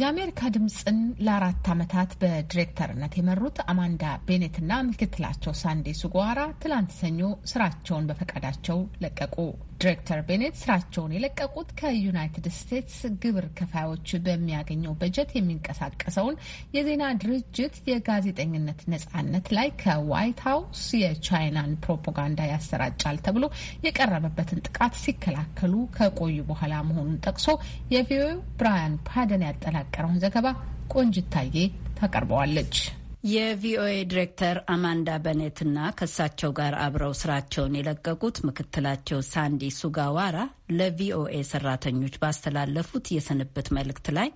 የአሜሪካ ድምፅን ለአራት ዓመታት በዲሬክተርነት የመሩት አማንዳ ቤኔትና ምክትላቸው ሳንዴ ሱጓራ ትላንት ሰኞ ስራቸውን በፈቃዳቸው ለቀቁ። ዲሬክተር ቤኔት ስራቸውን የለቀቁት ከዩናይትድ ስቴትስ ግብር ከፋዮች በሚያገኘው በጀት የሚንቀሳቀሰውን የዜና ድርጅት የጋዜጠኝነት ነጻነት ላይ ከዋይት ሀውስ የቻይናን ፕሮፓጋንዳ ያሰራጫል ተብሎ የቀረበበትን ጥቃት ሲከላከሉ ከቆዩ በኋላ መሆኑን ጠቅሶ የቪኦኤው ብራያን ፓደን ያጠላል ያጠናቀረውን ዘገባ ቆንጅታዬ ታቀርበዋለች። የቪኦኤ ዲሬክተር አማንዳ በኔትና ከእሳቸው ጋር አብረው ስራቸውን የለቀቁት ምክትላቸው ሳንዲ ሱጋዋራ ለቪኦኤ ሰራተኞች ባስተላለፉት የስንብት መልእክት ላይ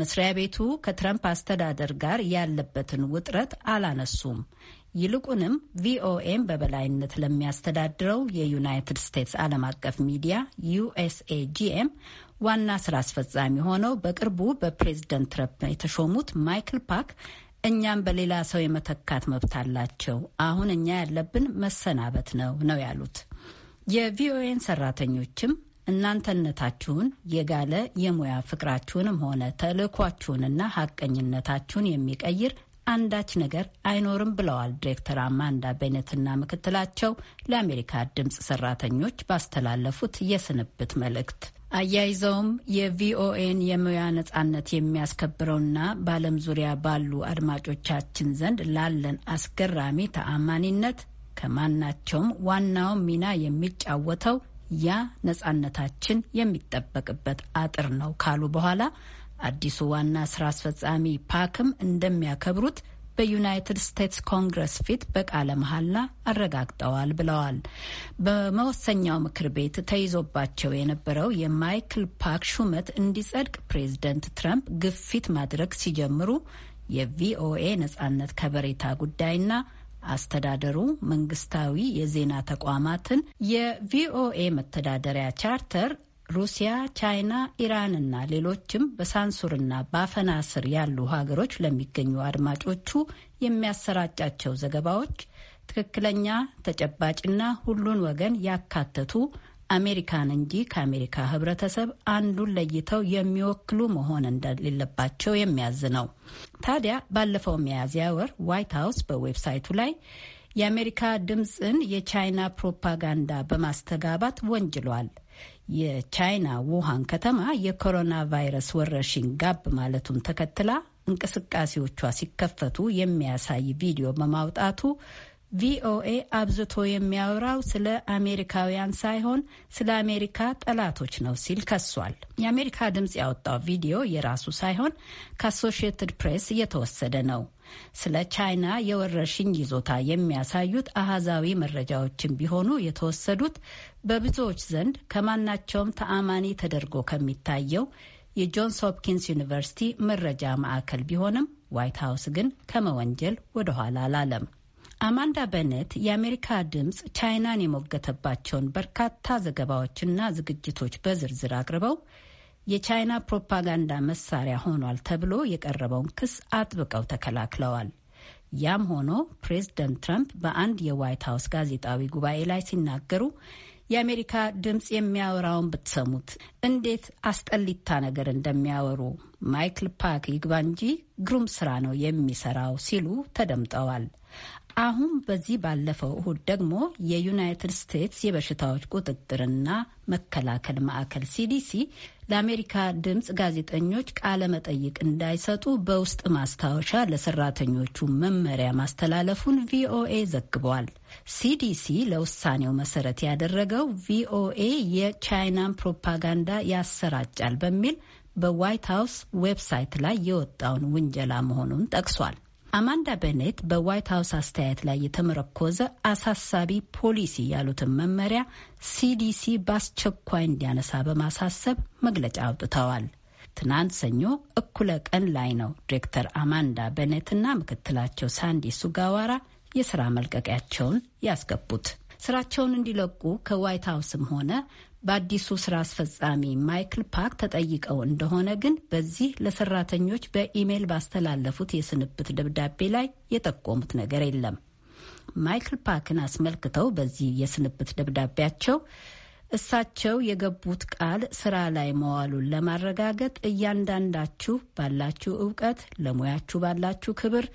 መስሪያ ቤቱ ከትረምፕ አስተዳደር ጋር ያለበትን ውጥረት አላነሱም። ይልቁንም ቪኦኤም በበላይነት ለሚያስተዳድረው የዩናይትድ ስቴትስ ዓለም አቀፍ ሚዲያ ዩኤስኤጂኤም ዋና ስራ አስፈጻሚ ሆነው በቅርቡ በፕሬዝደንት ትረምፕ የተሾሙት ማይክል ፓክ እኛም በሌላ ሰው የመተካት መብት አላቸው። አሁን እኛ ያለብን መሰናበት ነው ነው ያሉት። የቪኦኤን ሰራተኞችም እናንተነታችሁን የጋለ የሙያ ፍቅራችሁንም ሆነ ተልእኳችሁንና ሀቀኝነታችሁን የሚቀይር አንዳች ነገር አይኖርም ብለዋል ዲሬክተር አማንዳ ቤኔትና ምክትላቸው ለአሜሪካ ድምፅ ሰራተኞች ባስተላለፉት የስንብት መልእክት። አያይዘውም የቪኦኤን የሙያ ነጻነት የሚያስከብረውና በዓለም ዙሪያ ባሉ አድማጮቻችን ዘንድ ላለን አስገራሚ ተአማኒነት ከማናቸውም ዋናውን ሚና የሚጫወተው ያ ነጻነታችን የሚጠበቅበት አጥር ነው ካሉ በኋላ አዲሱ ዋና ስራ አስፈጻሚ ፓክም እንደሚያከብሩት በዩናይትድ ስቴትስ ኮንግረስ ፊት በቃለ መሐላ አረጋግጠዋል ብለዋል። በመወሰኛው ምክር ቤት ተይዞባቸው የነበረው የማይክል ፓክ ሹመት እንዲጸድቅ ፕሬዝደንት ትራምፕ ግፊት ማድረግ ሲጀምሩ የቪኦኤ ነጻነት ከበሬታ ጉዳይና አስተዳደሩ መንግስታዊ የዜና ተቋማትን የቪኦኤ መተዳደሪያ ቻርተር ሩሲያ፣ ቻይና፣ ኢራንና ሌሎችም በሳንሱርና በአፈና ስር ያሉ ሀገሮች ለሚገኙ አድማጮቹ የሚያሰራጫቸው ዘገባዎች ትክክለኛ ተጨባጭና ሁሉን ወገን ያካተቱ አሜሪካን እንጂ ከአሜሪካ ሕብረተሰብ አንዱን ለይተው የሚወክሉ መሆን እንደሌለባቸው የሚያዝ ነው። ታዲያ ባለፈው ሚያዝያ ወር ዋይት ሀውስ በዌብሳይቱ ላይ የአሜሪካ ድምፅን የቻይና ፕሮፓጋንዳ በማስተጋባት ወንጅሏል። የቻይና ውሃን ከተማ የኮሮና ቫይረስ ወረርሽኝ ጋብ ማለቱን ተከትላ እንቅስቃሴዎቿ ሲከፈቱ የሚያሳይ ቪዲዮ በማውጣቱ ቪኦኤ አብዝቶ የሚያወራው ስለ አሜሪካውያን ሳይሆን ስለ አሜሪካ ጠላቶች ነው ሲል ከሷል። የአሜሪካ ድምፅ ያወጣው ቪዲዮ የራሱ ሳይሆን ከአሶሺየትድ ፕሬስ እየተወሰደ ነው። ስለ ቻይና የወረርሽኝ ይዞታ የሚያሳዩት አሃዛዊ መረጃዎችን ቢሆኑ የተወሰዱት በብዙዎች ዘንድ ከማናቸውም ተአማኒ ተደርጎ ከሚታየው የጆንስ ሆፕኪንስ ዩኒቨርሲቲ መረጃ ማዕከል ቢሆንም ዋይት ሀውስ ግን ከመወንጀል ወደኋላ አላለም። አማንዳ በነት የአሜሪካ ድምፅ ቻይናን የሞገተባቸውን በርካታ ዘገባዎችና ዝግጅቶች በዝርዝር አቅርበው የቻይና ፕሮፓጋንዳ መሳሪያ ሆኗል ተብሎ የቀረበውን ክስ አጥብቀው ተከላክለዋል። ያም ሆኖ ፕሬዝደንት ትራምፕ በአንድ የዋይት ሀውስ ጋዜጣዊ ጉባኤ ላይ ሲናገሩ የአሜሪካ ድምፅ የሚያወራውን ብትሰሙት እንዴት አስጠሊታ ነገር እንደሚያወሩ ማይክል ፓክ ይግባ እንጂ ግሩም ስራ ነው የሚሰራው ሲሉ ተደምጠዋል። አሁን በዚህ ባለፈው እሁድ ደግሞ የዩናይትድ ስቴትስ የበሽታዎች ቁጥጥርና መከላከል ማዕከል ሲዲሲ ለአሜሪካ ድምፅ ጋዜጠኞች ቃለ መጠይቅ እንዳይሰጡ በውስጥ ማስታወሻ ለሰራተኞቹ መመሪያ ማስተላለፉን ቪኦኤ ዘግቧል። ሲዲሲ ለውሳኔው መሰረት ያደረገው ቪኦኤ የቻይናን ፕሮፓጋንዳ ያሰራጫል በሚል በዋይት ሀውስ ዌብሳይት ላይ የወጣውን ውንጀላ መሆኑን ጠቅሷል። አማንዳ በኔት በዋይት ሀውስ አስተያየት ላይ የተመረኮዘ አሳሳቢ ፖሊሲ ያሉትን መመሪያ ሲዲሲ በአስቸኳይ እንዲያነሳ በማሳሰብ መግለጫ አውጥተዋል። ትናንት ሰኞ እኩለ ቀን ላይ ነው ዲሬክተር አማንዳ ቤኔትና ምክትላቸው ሳንዲ ሱጋዋራ የስራ መልቀቂያቸውን ያስገቡት። ስራቸውን እንዲለቁ ከዋይት ሀውስም ሆነ በአዲሱ ስራ አስፈጻሚ ማይክል ፓክ ተጠይቀው እንደሆነ ግን በዚህ ለሰራተኞች በኢሜይል ባስተላለፉት የስንብት ደብዳቤ ላይ የጠቆሙት ነገር የለም። ማይክል ፓክን አስመልክተው በዚህ የስንብት ደብዳቤያቸው እሳቸው የገቡት ቃል ስራ ላይ መዋሉን ለማረጋገጥ እያንዳንዳችሁ ባላችሁ እውቀት፣ ለሙያችሁ ባላችሁ ክብር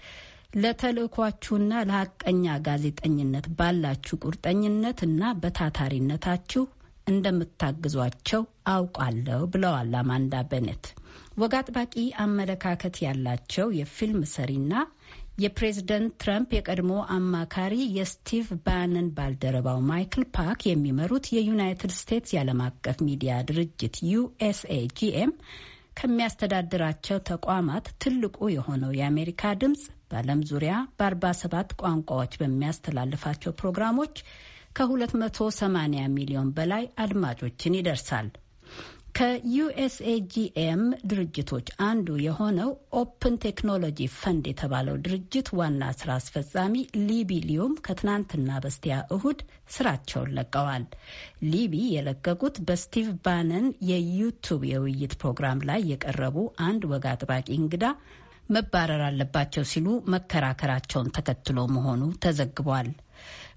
ለተልእኳችሁና ለሀቀኛ ጋዜጠኝነት ባላችሁ ቁርጠኝነት እና በታታሪነታችሁ እንደምታግዟቸው አውቃለሁ ብለዋል አማንዳ በነት። ወግ አጥባቂ አመለካከት ያላቸው የፊልም ሰሪና የፕሬዝደንት ትራምፕ የቀድሞ አማካሪ የስቲቭ ባነን ባልደረባው ማይክል ፓክ የሚመሩት የዩናይትድ ስቴትስ የዓለም አቀፍ ሚዲያ ድርጅት ዩኤስኤጂኤም ከሚያስተዳድራቸው ተቋማት ትልቁ የሆነው የአሜሪካ ድምፅ በዓለም ዙሪያ በ47 ቋንቋዎች በሚያስተላልፋቸው ፕሮግራሞች ከ280 ሚሊዮን በላይ አድማጮችን ይደርሳል። ከዩኤስኤጂኤም ድርጅቶች አንዱ የሆነው ኦፕን ቴክኖሎጂ ፈንድ የተባለው ድርጅት ዋና ስራ አስፈጻሚ ሊቢ ሊዮም ከትናንትና በስቲያ እሁድ ስራቸውን ለቀዋል። ሊቢ የለቀቁት በስቲቭ ባነን የዩቱብ የውይይት ፕሮግራም ላይ የቀረቡ አንድ ወግ አጥባቂ እንግዳ መባረር አለባቸው ሲሉ መከራከራቸውን ተከትሎ መሆኑ ተዘግቧል።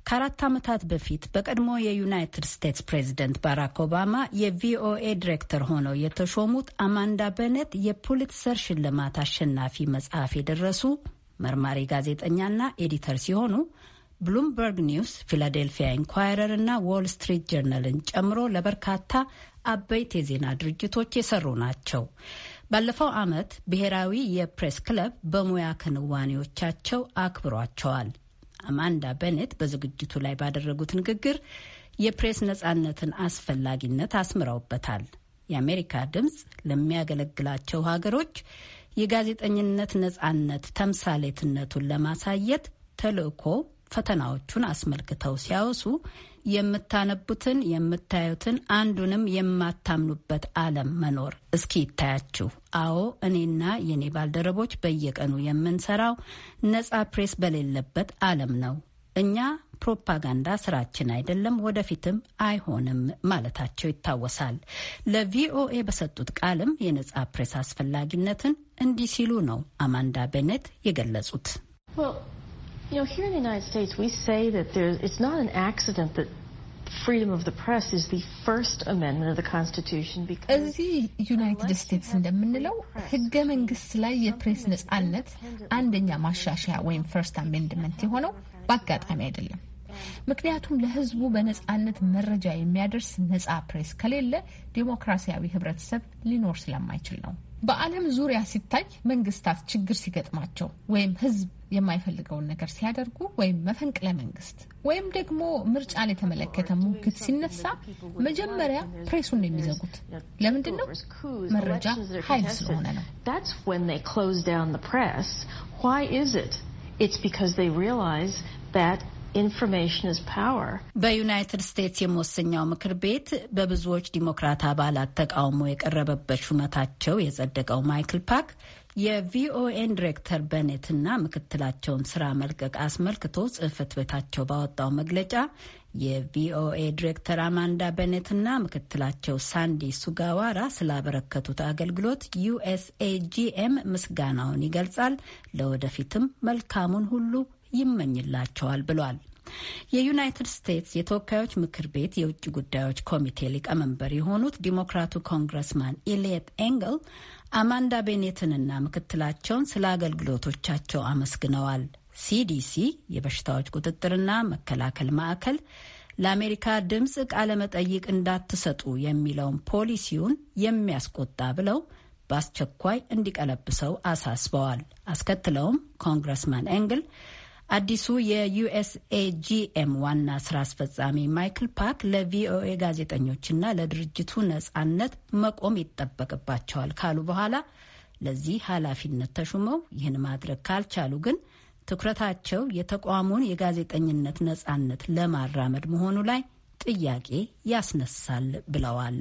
ከአራት ዓመታት በፊት በቀድሞ የዩናይትድ ስቴትስ ፕሬዚደንት ባራክ ኦባማ የቪኦኤ ዲሬክተር ሆነው የተሾሙት አማንዳ በነት የፑሊትሰር ሽልማት አሸናፊ መጽሐፍ የደረሱ መርማሪ ጋዜጠኛና ኤዲተር ሲሆኑ ብሉምበርግ ኒውስ፣ ፊላዴልፊያ ኢንኳይረር እና ዎል ስትሪት ጀርናልን ጨምሮ ለበርካታ አበይት የዜና ድርጅቶች የሰሩ ናቸው። ባለፈው ዓመት ብሔራዊ የፕሬስ ክለብ በሙያ ክንዋኔዎቻቸው አክብሯቸዋል። አማንዳ በኔት በዝግጅቱ ላይ ባደረጉት ንግግር የፕሬስ ነጻነትን አስፈላጊነት አስምረውበታል። የአሜሪካ ድምፅ ለሚያገለግላቸው ሀገሮች የጋዜጠኝነት ነጻነት ተምሳሌትነቱን ለማሳየት ተልዕኮ ፈተናዎቹን አስመልክተው ሲያወሱ የምታነቡትን የምታዩትን አንዱንም የማታምኑበት ዓለም መኖር እስኪ ይታያችሁ። አዎ እኔና የኔ ባልደረቦች በየቀኑ የምንሰራው ነጻ ፕሬስ በሌለበት ዓለም ነው። እኛ ፕሮፓጋንዳ ስራችን አይደለም፣ ወደፊትም አይሆንም ማለታቸው ይታወሳል። ለቪኦኤ በሰጡት ቃልም የነጻ ፕሬስ አስፈላጊነትን እንዲህ ሲሉ ነው አማንዳ ቤኔት የገለጹት። You know, here in the United States, we say that there, it's not an accident that እዚህ ዩናይትድ ስቴትስ እንደምንለው ሕገ መንግስት ላይ የፕሬስ ነጻነት አንደኛ ማሻሻያ ወይም ፈርስት አሜንድመንት የሆነው በአጋጣሚ አይደለም። ምክንያቱም ለህዝቡ በነጻነት መረጃ የሚያደርስ ነጻ ፕሬስ ከሌለ ዴሞክራሲያዊ ህብረተሰብ ሊኖር ስለማይችል ነው። በዓለም ዙሪያ ሲታይ መንግስታት ችግር ሲገጥማቸው ወይም ህዝብ። የማይፈልገውን ነገር ሲያደርጉ ወይም መፈንቅለ መንግስት ወይም ደግሞ ምርጫን የተመለከተ ሙግት ሲነሳ መጀመሪያ ፕሬሱን ነው የሚዘጉት። ለምንድን ነው? መረጃ ኃይል ስለሆነ ነው። It's because they realize that በዩናይትድ ስቴትስ የመወሰኛው ምክር ቤት በብዙዎች ዲሞክራት አባላት ተቃውሞ የቀረበበት ሹመታቸው የጸደቀው ማይክል ፓክ የቪኦኤን ዲሬክተር በኔትና ምክትላቸውን ስራ መልቀቅ አስመልክቶ ጽህፈት ቤታቸው ባወጣው መግለጫ የቪኦኤ ዲሬክተር አማንዳ በኔትና ምክትላቸው ሳንዲ ሱጋዋራ ስላበረከቱት አገልግሎት ዩኤስኤጂኤም ምስጋናውን ይገልጻል። ለወደፊትም መልካሙን ሁሉ ይመኝላቸዋል ብሏል። የዩናይትድ ስቴትስ የተወካዮች ምክር ቤት የውጭ ጉዳዮች ኮሚቴ ሊቀመንበር የሆኑት ዲሞክራቱ ኮንግረስማን ኢልየት ኤንግል አማንዳ ቤኔትንና ምክትላቸውን ስለ አገልግሎቶቻቸው አመስግነዋል። ሲዲሲ የበሽታዎች ቁጥጥርና መከላከል ማዕከል ለአሜሪካ ድምፅ ቃለመጠይቅ እንዳትሰጡ የሚለውን ፖሊሲውን የሚያስቆጣ ብለው በአስቸኳይ እንዲቀለብሰው አሳስበዋል። አስከትለውም ኮንግረስማን ኤንግል አዲሱ የዩኤስኤጂኤም ዋና ስራ አስፈጻሚ ማይክል ፓክ ለቪኦኤ ጋዜጠኞችና ለድርጅቱ ነጻነት መቆም ይጠበቅባቸዋል ካሉ በኋላ ለዚህ ኃላፊነት ተሹመው ይህን ማድረግ ካልቻሉ ግን ትኩረታቸው የተቋሙን የጋዜጠኝነት ነጻነት ለማራመድ መሆኑ ላይ ጥያቄ ያስነሳል ብለዋል።